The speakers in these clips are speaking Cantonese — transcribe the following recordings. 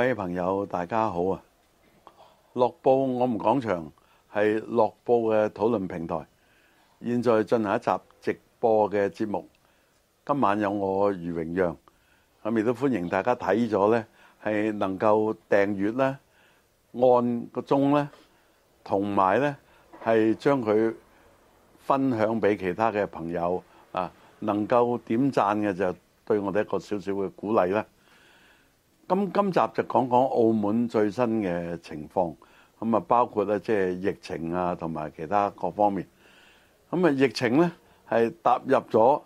各位朋友，大家好啊！《樂報》我們講場係《樂報》嘅討論平台，現在進行一集直播嘅節目。今晚有我余榮讓，咁亦都歡迎大家睇咗咧，係能夠訂閱咧，按個鐘咧，同埋咧係將佢分享俾其他嘅朋友啊，能夠點讚嘅就對我哋一個少少嘅鼓勵啦。咁今集就講講澳門最新嘅情況，咁啊，包括咧即係疫情啊，同埋其他各方面。咁啊，疫情咧係踏入咗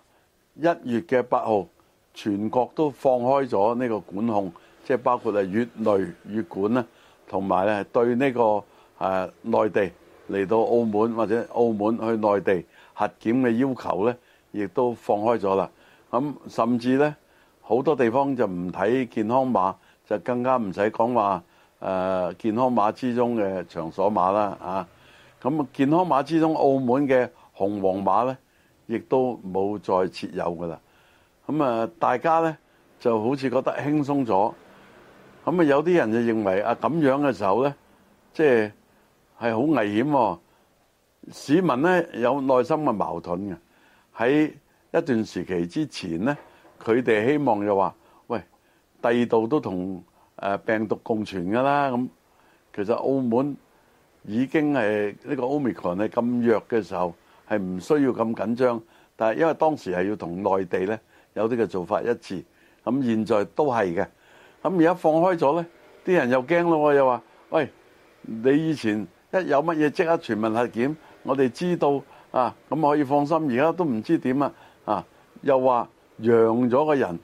一月嘅八號，全國都放開咗呢個管控，即係包括啊越內越管啦，同埋咧對呢個誒內地嚟到澳門或者澳門去內地核檢嘅要求咧，亦都放開咗啦。咁甚至咧～好多地方就唔睇健康碼，就更加唔使講話誒健康碼之中嘅場所碼啦。咁健康碼之中澳門嘅紅黃碼呢亦都冇再設有噶啦。咁啊，大家呢就好似覺得輕鬆咗。咁啊，有啲人就認為啊，咁樣嘅時候呢，即係係好危險，哦。市民呢有內心嘅矛盾嘅。喺一段時期之前呢。佢哋希望又話，喂，第二度都同誒病毒共存噶啦。咁其實澳門已經係呢個 Omicron 係咁弱嘅時候，係唔需要咁緊張。但係因為當時係要同內地咧有啲嘅做法一致，咁現在都係嘅。咁而家放開咗咧，啲人又驚咯，又話，喂，你以前一有乜嘢即刻全民核檢，我哋知道啊，咁可以放心。而家都唔知點啊，啊，又話。陽咗嘅人，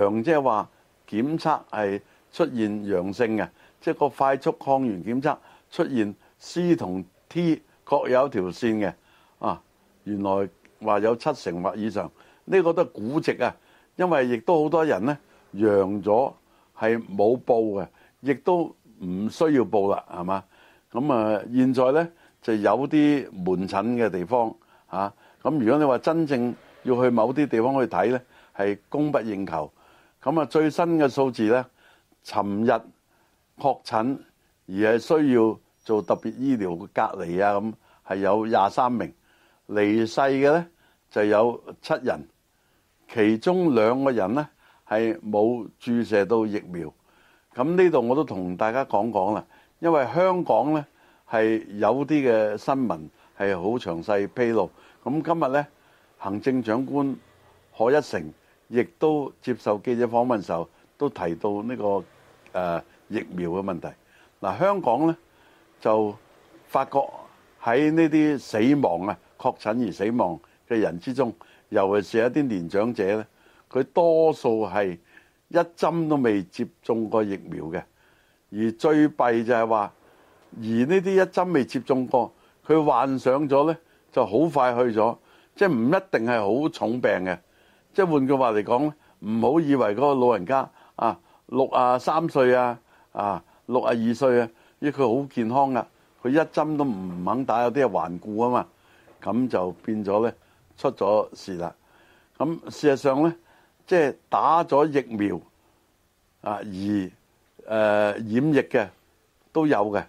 陽即係話檢測係出現陽性嘅，即係個快速抗原檢測出現 C 同 T 各有一條線嘅啊！原來話有七成或以上，呢、呢個都估值啊，因為亦都好多人呢，陽咗係冇報嘅，亦都唔需要報啦，係嘛？咁啊，現在呢就有啲門診嘅地方嚇，咁、啊啊、如果你話真正……要去某啲地方去睇呢，係供不應求。咁啊，最新嘅數字呢，尋日確診而係需要做特別醫療嘅隔離啊，咁係有廿三名，離世嘅呢就有七人，其中兩個人呢係冇注射到疫苗。咁呢度我都同大家講講啦，因為香港呢係有啲嘅新聞係好詳細披露。咁今日呢。行政長官賀一誠亦都接受記者訪問時候，都提到呢個誒疫苗嘅問題。嗱，香港咧就發覺喺呢啲死亡啊、確診而死亡嘅人之中，尤其係一啲年長者咧，佢多數係一針都未接種過疫苗嘅。而最弊就係話，而呢啲一針未接種過，佢患上咗咧，就好快去咗。即係唔一定係好重病嘅，即係換句話嚟講咧，唔好以為嗰個老人家啊，六啊三歲啊，啊六啊二歲啊，因為佢好健康噶，佢一針都唔肯打，有啲係頑固啊嘛，咁就變咗咧出咗事啦。咁事實上咧，即係打咗疫苗啊而誒染疫嘅都有嘅，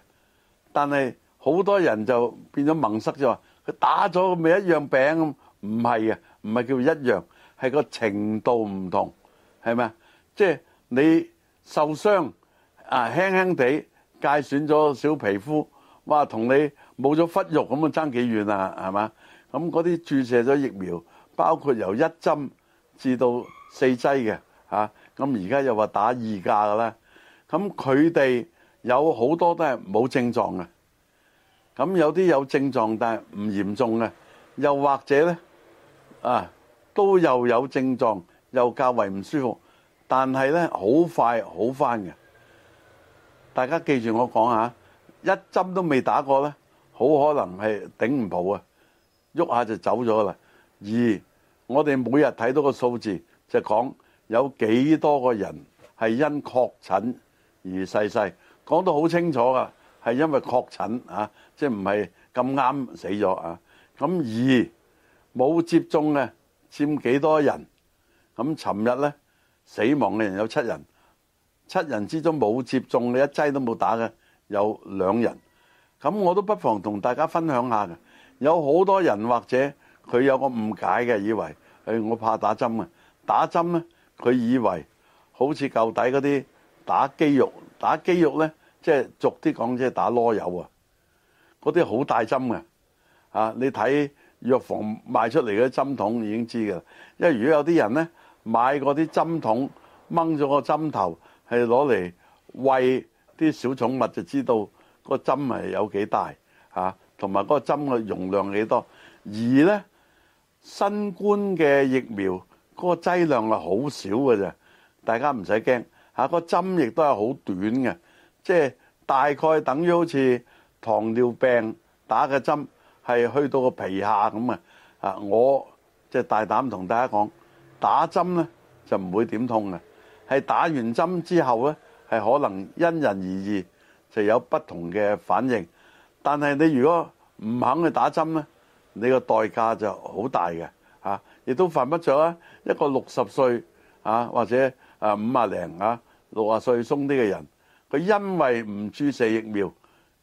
但係好多人就變咗矇塞就話。打咗咪一樣病咁，唔係啊，唔係叫一樣，係個程度唔同，係咪啊？即係你受傷啊，輕輕地介損咗小皮膚，哇，同你冇咗忽肉咁啊，爭幾遠啊，係嘛？咁嗰啲注射咗疫苗，包括由一針至到四劑嘅嚇，咁而家又話打二價嘅啦，咁佢哋有好多都係冇症狀嘅。咁有啲有症狀但係唔嚴重嘅，又或者呢，啊都又有症狀，又較為唔舒服，但係呢好快好返嘅。大家記住我講下，一針都未打過呢，好可能係頂唔到啊，喐下就走咗啦。而，我哋每日睇到個數字，就講有幾多個人係因確診而逝世，講得好清楚㗎。係因為確診啊，即係唔係咁啱死咗啊？咁二冇接種嘅佔幾多人？咁尋日呢死亡嘅人有七人，七人之中冇接種，你一劑都冇打嘅有兩人。咁我都不妨同大家分享下嘅，有好多人或者佢有個誤解嘅，以為誒我怕打針啊，打針呢佢以為好似舊底嗰啲打肌肉，打肌肉呢。即係俗啲講，即係打籮柚啊！嗰啲好大針嘅，啊你睇藥房賣出嚟啲針筒已經知㗎啦。因為如果有啲人咧買嗰啲針筒掹咗個針頭，係攞嚟餵啲小寵物，就知道個針係有幾大啊，同埋嗰個針嘅容量幾多。而咧新冠嘅疫苗嗰個劑量係好少嘅啫，大家唔使驚嚇。個針亦都係好短嘅。即係大概等於好似糖尿病打嘅針，係去到個皮下咁啊！啊，我即係大膽同大家講，打針咧就唔會點痛嘅。係打完針之後咧，係可能因人而異，就有不同嘅反應。但係你如果唔肯去打針咧，你個代價就好大嘅啊，亦都犯不着啊！一個六十歲啊，或者50啊五啊零啊六啊歲鬆啲嘅人。佢因為唔注射疫苗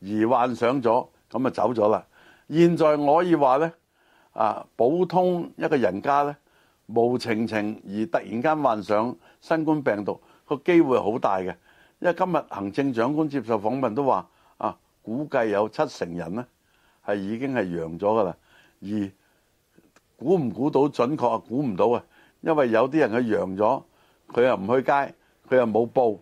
而患上咗，咁啊走咗啦。現在我可以話呢，啊普通一個人家呢，無情情而突然間患上新冠病毒個機會好大嘅，因為今日行政長官接受訪問都話啊，估計有七成人呢係已經係陽咗噶啦，而估唔估到準確啊？估唔到啊，因為有啲人佢陽咗，佢又唔去街，佢又冇報。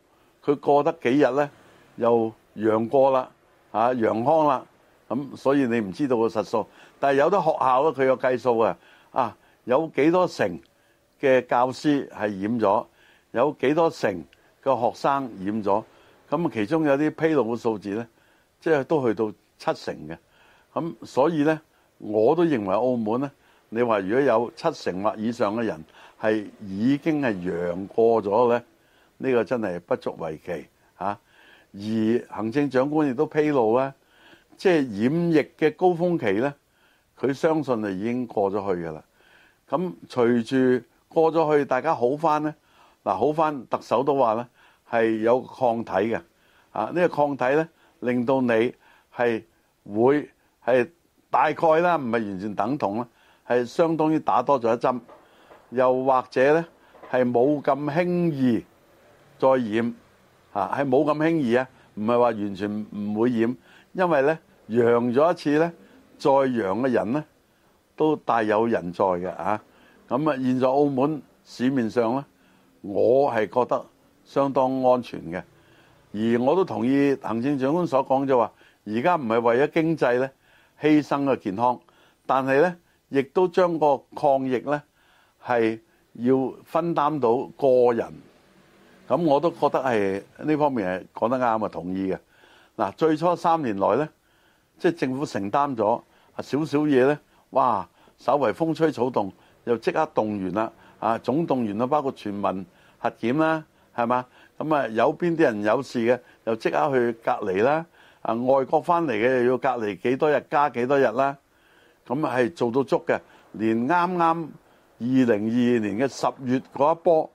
佢過得幾日呢，又陽過啦，嚇、啊、陽康啦，咁所以你唔知道個實數，但係有啲學校咧，佢有計數嘅，啊有幾多成嘅教師係染咗，有幾多成嘅學生染咗，咁其中有啲披露嘅數字呢，即係都去到七成嘅，咁所以呢，我都認為澳門呢，你話如果有七成或以上嘅人係已經係陽過咗呢，呢個真係不足為奇嚇、啊，而行政長官亦都披露咧，即係染疫嘅高峰期呢，佢相信就已經過咗去嘅啦。咁隨住過咗去，大家好翻呢嗱，好翻特首都話呢係有抗體嘅啊，呢個抗體呢，令到你係會係大概啦，唔係完全等同啦，係相當於打多咗一針，又或者呢係冇咁輕易。再染啊係冇咁輕易啊，唔係話完全唔會染，因為呢陽咗一次呢再陽嘅人呢都大有人在嘅啊。咁啊，現在澳門市面上呢，我係覺得相當安全嘅，而我都同意行政長官所講就話，而家唔係為咗經濟呢犧牲個健康，但係呢亦都將個抗疫呢係要分擔到個人。咁我都覺得係呢方面係講得啱啊，同意嘅。嗱，最初三年內呢，即係政府承擔咗少少嘢呢。哇，稍為風吹草動，又即刻動員啦，啊，總動員啦，包括全民核檢啦，係嘛？咁啊，有邊啲人有事嘅，又即刻去隔離啦，啊，外國翻嚟嘅又要隔離幾多日加幾多日啦，咁係做到足嘅。連啱啱二零二二年嘅十月嗰一波。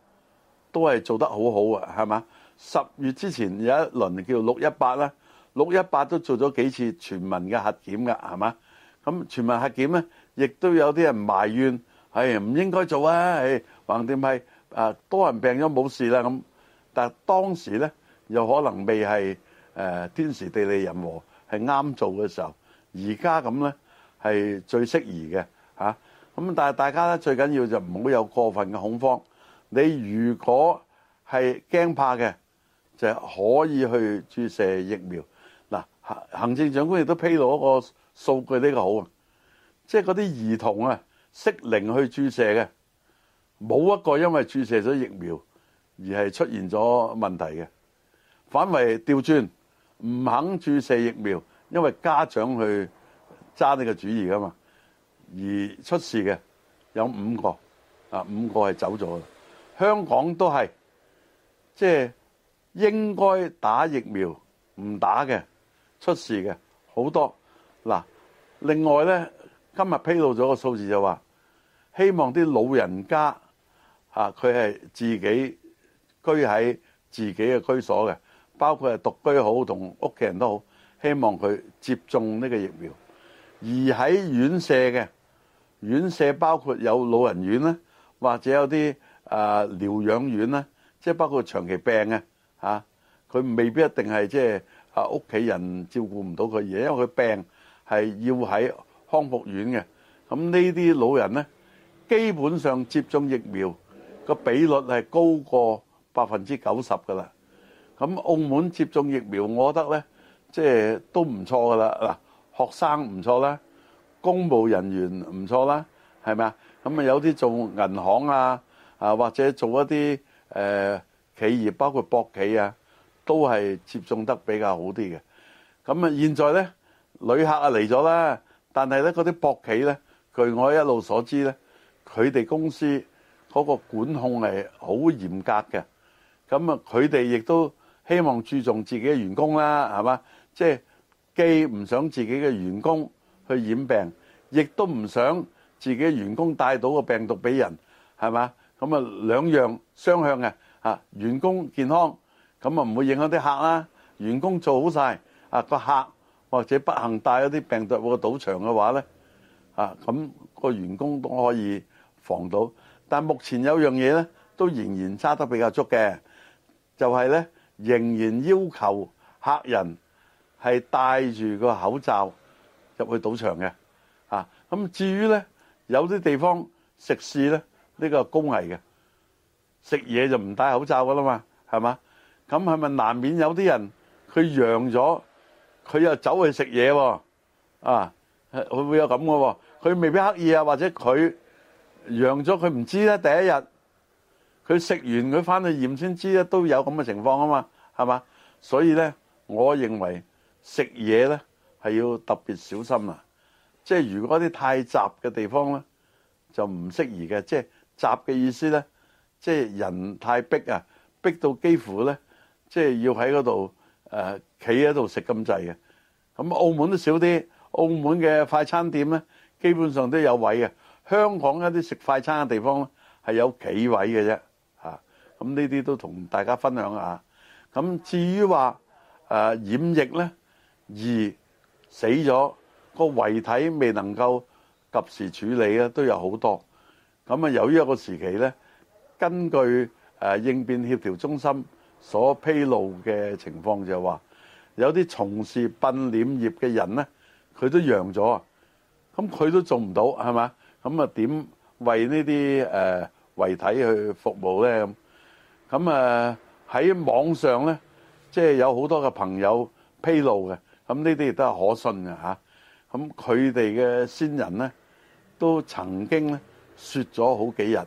都係做得好好啊，係嘛？十月之前有一輪叫六一八啦，六一八都做咗幾次全民嘅核檢㗎，係嘛？咁全民核檢呢，亦都有啲人埋怨，係唔應該做啊！橫掂係啊，多人病咗冇事啦咁。但係當時呢，又可能未係天時地利人和係啱做嘅時候，而家咁呢，係最適宜嘅吓。咁但係大家咧最緊要就唔好有過分嘅恐慌。你如果係驚怕嘅，就可以去注射疫苗。嗱，行行政長官亦都披露一個數據，呢個好啊，即係嗰啲兒童啊，適齡去注射嘅，冇一個因為注射咗疫苗而係出現咗問題嘅。反為調轉，唔肯注射疫苗，因為家長去揸呢個主意噶嘛，而出事嘅有五個，啊，五個係走咗啦。香港都係即係應該打疫苗，唔打嘅出事嘅好多嗱。另外呢，今日披露咗個數字就話，希望啲老人家啊佢係自己居喺自己嘅居所嘅，包括係獨居好同屋企人都好，希望佢接種呢個疫苗。而喺院舍嘅院舍，包括有老人院呢，或者有啲。啊，療養院呢，即係包括長期病嘅吓，佢未必一定係即係啊屋企人照顧唔到佢嘢，因為佢病係要喺康復院嘅。咁呢啲老人呢，基本上接種疫苗個比率係高過百分之九十㗎喇。咁澳門接種疫苗，我覺得呢，即係都唔錯㗎喇。嗱，學生唔錯啦，公務人員唔錯啦，係咪啊？咁啊有啲做銀行啊。啊，或者做一啲誒企業，包括博企啊，都係接種得比較好啲嘅。咁啊，現在呢，旅客啊嚟咗啦，但係呢，嗰啲博企呢，據我一路所知呢，佢哋公司嗰個管控係好嚴格嘅。咁啊，佢哋亦都希望注重自己嘅員工啦，係嘛？即係既唔想自己嘅員工去染病，亦都唔想自己嘅員工帶到個病毒俾人，係嘛？咁啊，兩樣雙向嘅嚇，員工健康，咁啊唔會影響啲客啦。員工做好曬，啊個客或者不幸帶咗啲病毒入個賭場嘅話咧，嚇咁個員工都可以防到。但目前有樣嘢咧，都仍然揸得比較足嘅，就係咧仍然要求客人係戴住個口罩入去賭場嘅。嚇咁至於咧有啲地方食肆咧。呢個工藝嘅食嘢就唔戴口罩㗎喇嘛，係嘛？咁係咪難免有啲人佢陽咗，佢又走去食嘢喎？啊，佢會有咁嘅喎？佢未必刻意啊，或者佢陽咗佢唔知咧。第一日佢食完佢返去驗先知咧，都有咁嘅情況啊嘛，係嘛？所以咧，我認為食嘢咧係要特別小心啦。即係如果啲太雜嘅地方咧，就唔適宜嘅，即係。雜嘅意思咧，即係人太逼啊，逼到幾乎咧，即係要喺嗰度誒，企喺度食咁滯嘅。咁澳門都少啲，澳門嘅快餐店咧，基本上都有位嘅。香港一啲食快餐嘅地方咧，係有企位嘅啫。嚇，咁呢啲都同大家分享下。咁至於話誒染疫咧，而死咗個遺體未能夠及時處理咧，都有好多。咁啊，由於一個時期咧，根據誒應變協調中心所披露嘅情況就係話，有啲從事殯殮業嘅人咧，佢都陽咗啊。咁佢都做唔到，係嘛？咁啊，點為呢啲誒遺體去服務咧？咁咁啊，喺網上咧，即係有好多嘅朋友披露嘅，咁呢啲亦都係可信嘅嚇。咁佢哋嘅先人咧，都曾經咧。雪咗好幾日，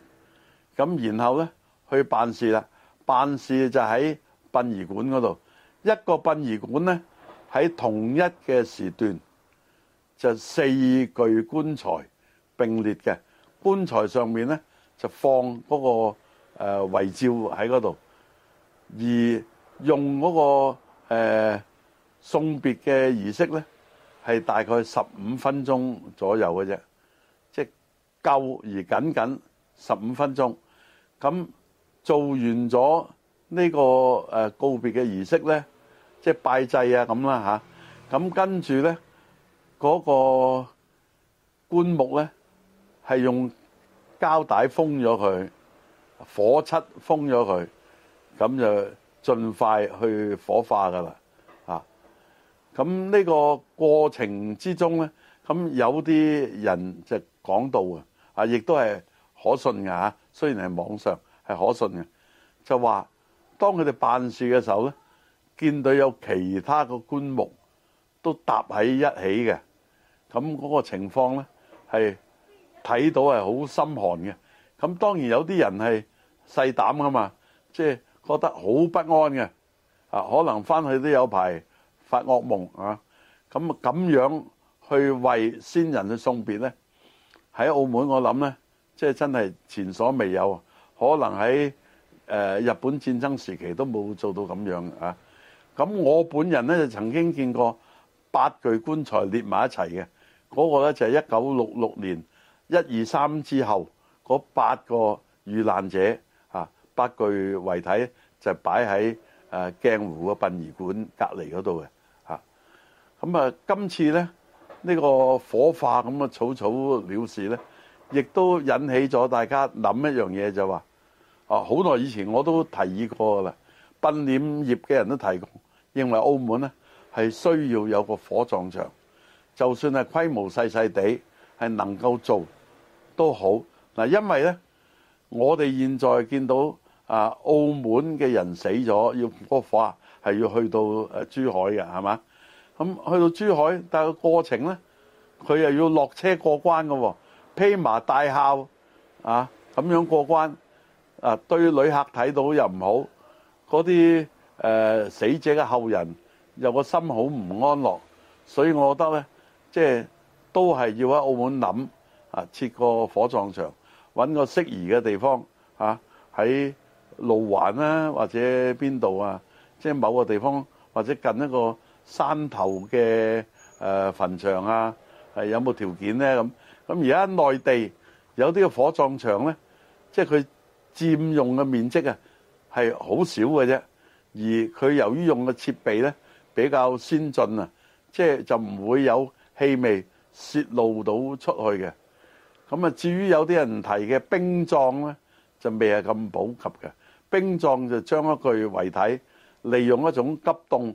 咁然後呢，去辦事啦。辦事就喺殯儀館嗰度，一個殯儀館呢，喺同一嘅時段，就四具棺材並列嘅，棺材上面呢，就放嗰個誒遺照喺嗰度，而用嗰個誒送別嘅儀式呢，係大概十五分鐘左右嘅啫。夠而僅僅十五分鐘，咁做完咗呢個誒告別嘅儀式呢，即係拜祭啊咁啦吓，咁跟住呢嗰個棺木呢，係用膠帶封咗佢，火漆封咗佢，咁就盡快去火化噶啦啊！咁呢個過程之中呢，咁有啲人就講到啊。啊，亦都係可信嘅吓，雖然係網上係可信嘅，就話當佢哋辦事嘅時候呢，見到有其他個棺木都搭喺一起嘅，咁嗰個情況呢，係睇到係好心寒嘅，咁當然有啲人係細膽噶嘛，即係覺得好不安嘅，啊可能翻去都有排發惡夢啊，咁咁樣去為先人去送別呢。喺澳門我想，我諗呢即係真係前所未有，可能喺誒日本戰爭時期都冇做到咁樣啊！咁我本人咧就曾經見過八具棺材列埋一齊嘅，嗰、嗰個咧就係一九六六年一二三之後嗰八個遇難者啊，八具遺體就擺喺誒鏡湖嘅殯儀館隔離嗰度嘅啊！咁啊，今次呢？呢個火化咁嘅草草了事呢亦都引起咗大家諗一樣嘢就話：啊，好耐以前我都提議過噶啦，殯殮業嘅人都提過，認為澳門呢係需要有個火葬場，就算係規模細細地係能夠做都好嗱，因為呢，我哋現在見到啊澳門嘅人死咗要火化，係要去到珠海嘅係嘛？咁去到珠海，但係個過程呢，佢又要落車過關嘅喎、哦，披麻戴孝啊咁樣過關啊，對旅客睇到又唔好，嗰啲誒死者嘅後人又個心好唔安樂，所以我覺得呢，即、就、係、是、都係要喺澳門諗啊，設個火葬場，揾個適宜嘅地方啊喺路環啦、啊，或者邊度啊，即、就、係、是、某個地方或者近一個。山頭嘅誒墳場啊，係有冇條件咧？咁咁而家內地有啲嘅火葬場咧，即係佢佔用嘅面積啊，係好少嘅啫。而佢由於用嘅設備咧比較先進啊，即係就唔會有氣味泄露到出去嘅。咁啊，至於有啲人提嘅冰葬咧，就未係咁普及嘅。冰葬就將一具遺體利用一種急凍。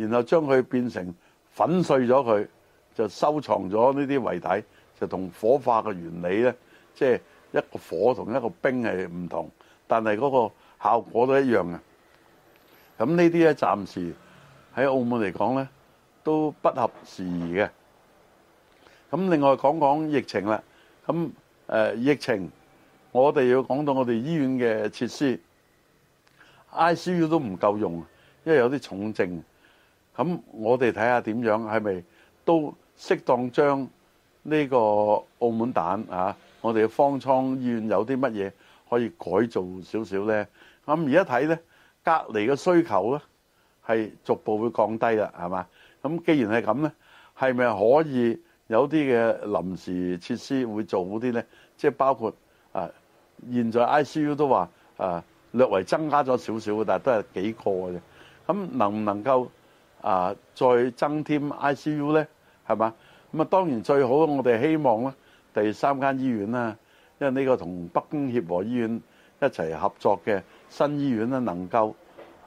然後將佢變成粉碎咗佢，就收藏咗呢啲遺體，就同火化嘅原理咧，即係一個火同一個冰係唔同，但係嗰個效果都一樣嘅。咁呢啲咧暫時喺澳門嚟講咧都不合時宜嘅。咁另外講講疫情啦，咁誒疫情我哋要講到我哋醫院嘅設施，ICU 都唔夠用，因為有啲重症。咁我哋睇下點樣，係咪都適當將呢個澳門蛋啊，我哋嘅方艙醫院有啲乜嘢可以改造少少咧？咁而家睇咧，隔離嘅需求咧係逐步會降低啦，係嘛？咁既然係咁咧，係咪可以有啲嘅臨時設施會做好啲咧？即係包括啊，現在 I C U 都話啊，略為增加咗少少嘅，但係都係幾個嘅啫。咁能唔能夠？啊！再增添 I C U 咧，係嘛咁啊？當然最好，我哋希望咧第三間醫院啦、啊，因為呢個同北京協和醫院一齊合作嘅新醫院咧、啊，能夠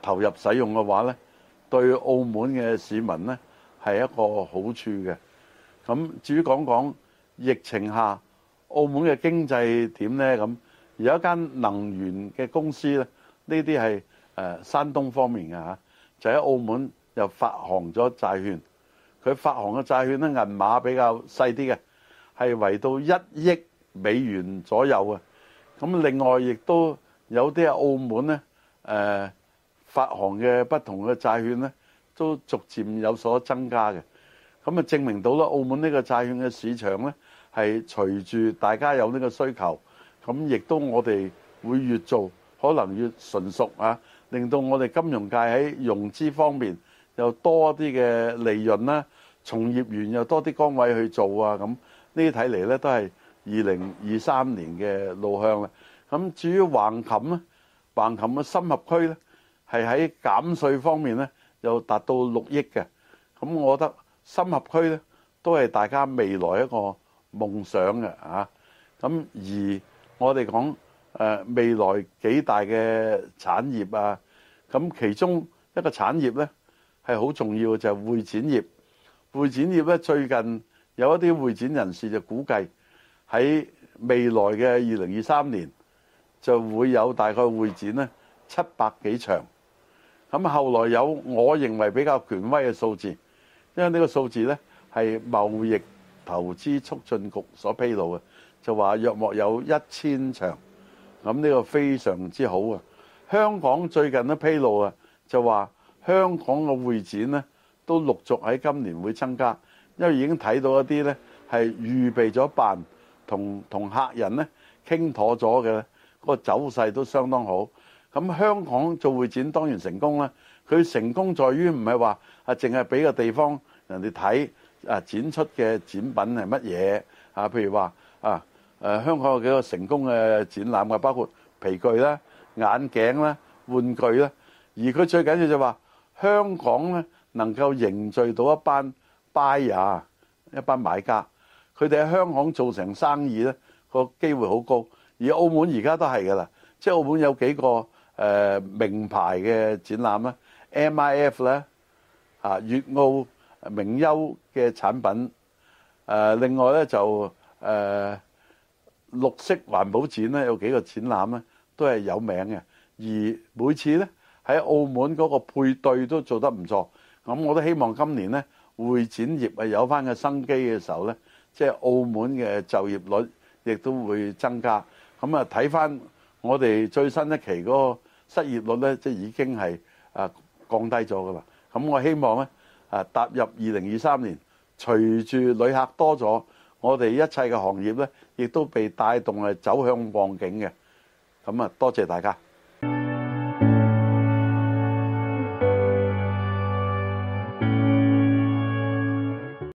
投入使用嘅話咧，對澳門嘅市民咧係一個好處嘅。咁至於講講疫情下澳門嘅經濟點咧咁，有一間能源嘅公司咧，呢啲係誒山東方面嘅吓、啊，就喺澳門。又發行咗債券，佢發行嘅債券咧銀碼比較細啲嘅，係圍到一億美元左右啊。咁另外亦都有啲澳門呢誒、呃、發行嘅不同嘅債券呢都逐漸有所增加嘅。咁啊，證明到啦，澳門呢個債券嘅市場呢係隨住大家有呢個需求，咁亦都我哋會越做可能越純熟啊，令到我哋金融界喺融資方面。又多啲嘅利潤啦，從業員又多啲崗位去做啊！咁呢啲睇嚟呢，都係二零二三年嘅路向啦。咁至於橫琴呢，橫琴嘅深合區呢，係喺減稅方面呢，又達到六億嘅。咁我覺得深合區呢，都係大家未來一個夢想嘅啊。咁而我哋講誒未來幾大嘅產業啊，咁其中一個產業呢。係好重要嘅，就係會展業。會展業咧，最近有一啲會展人士就估計喺未來嘅二零二三年就會有大概會展呢七百幾場。咁後來有我認為比較權威嘅數字，因為呢個數字呢係貿易投資促進局所披露嘅，就話約莫有一千場。咁呢個非常之好啊！香港最近都披露啊，就話。香港嘅會展咧都陸續喺今年會增加，因為已經睇到一啲咧係預備咗辦同同客人咧傾妥咗嘅，個走勢都相當好。咁香港做會展當然成功啦，佢成功在於唔係話啊，淨係俾個地方人哋睇啊，展出嘅展品係乜嘢啊？譬如話啊，誒香港有幾個成功嘅展覽啊，包括皮具啦、眼鏡啦、玩具啦，而佢最緊要就話。香港咧能夠凝聚到一班 buyer，一班買家，佢哋喺香港做成生意咧個機會好高。而澳門而家都係噶啦，即係澳門有幾個誒名牌嘅展覽咧，MIF 咧，啊粵澳名優嘅產品。誒另外咧就誒綠色環保展咧有幾個展覽咧都係有名嘅，而每次咧。喺澳門嗰個配對都做得唔錯，咁我都希望今年呢會展業啊有翻嘅生機嘅時候呢，即係澳門嘅就業率亦都會增加。咁啊睇翻我哋最新一期嗰個失業率呢，即已經係啊降低咗噶啦。咁我希望呢啊踏入二零二三年，隨住旅客多咗，我哋一切嘅行業呢亦都被帶動係走向旺景嘅。咁啊，多謝大家。